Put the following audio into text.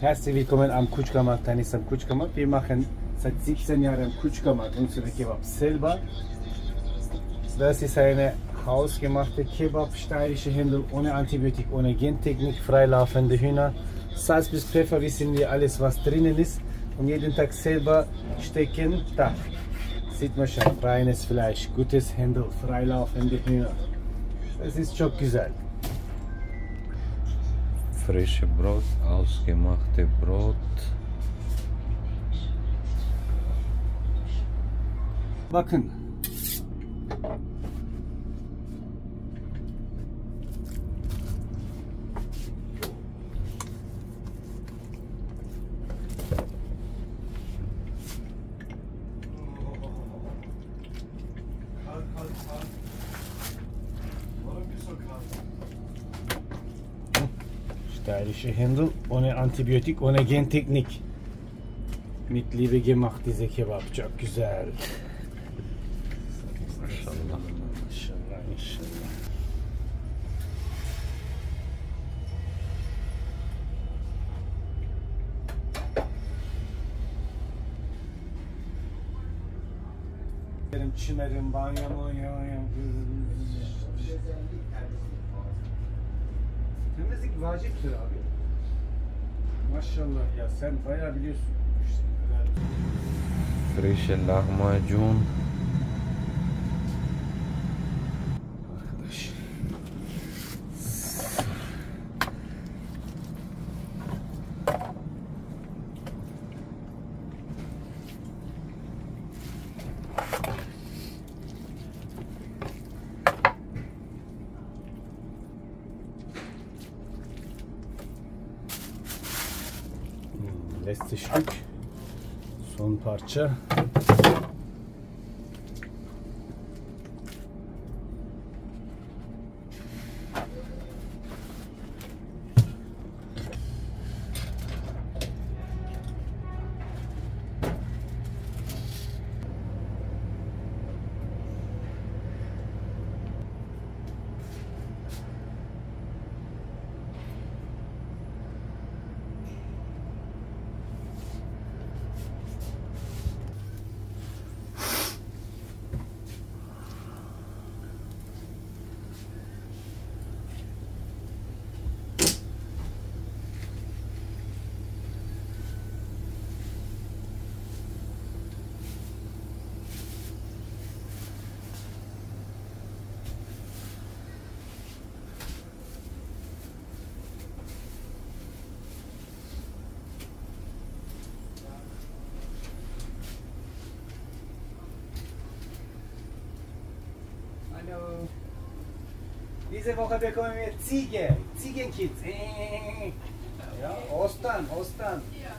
Herzlich willkommen am Kutschkamat, Tanis am Kutschkamat. Wir machen seit 17 Jahren Kutschkamat unsere Kebab selber. Das ist eine hausgemachte Kebab, steirische Händel, ohne Antibiotik, ohne Gentechnik, freilaufende Hühner. Salz bis Pfeffer wissen wir alles, was drinnen ist und jeden Tag selber stecken. Da sieht man schon, reines Fleisch, gutes Händel, freilaufende Hühner. Das ist schon gesagt frische Brot, ausgemachte Brot. Backen. Teilische Händel ohne antibiyotik, ohne genteknik. Mit Liebe gemacht diese kebap. Çok güzel. Maşallah. Maşallah, inşallah. Çimerim, banyomu, vaciptir abi. Maşallah ya sen bayağı biliyorsun. Fresh lahmacun. restişlik son parça Hallo. Diese Woche bekommen wir Ziege. Ziegenkids. Äh, äh, äh, ja, Ostern, Ostern. Ja.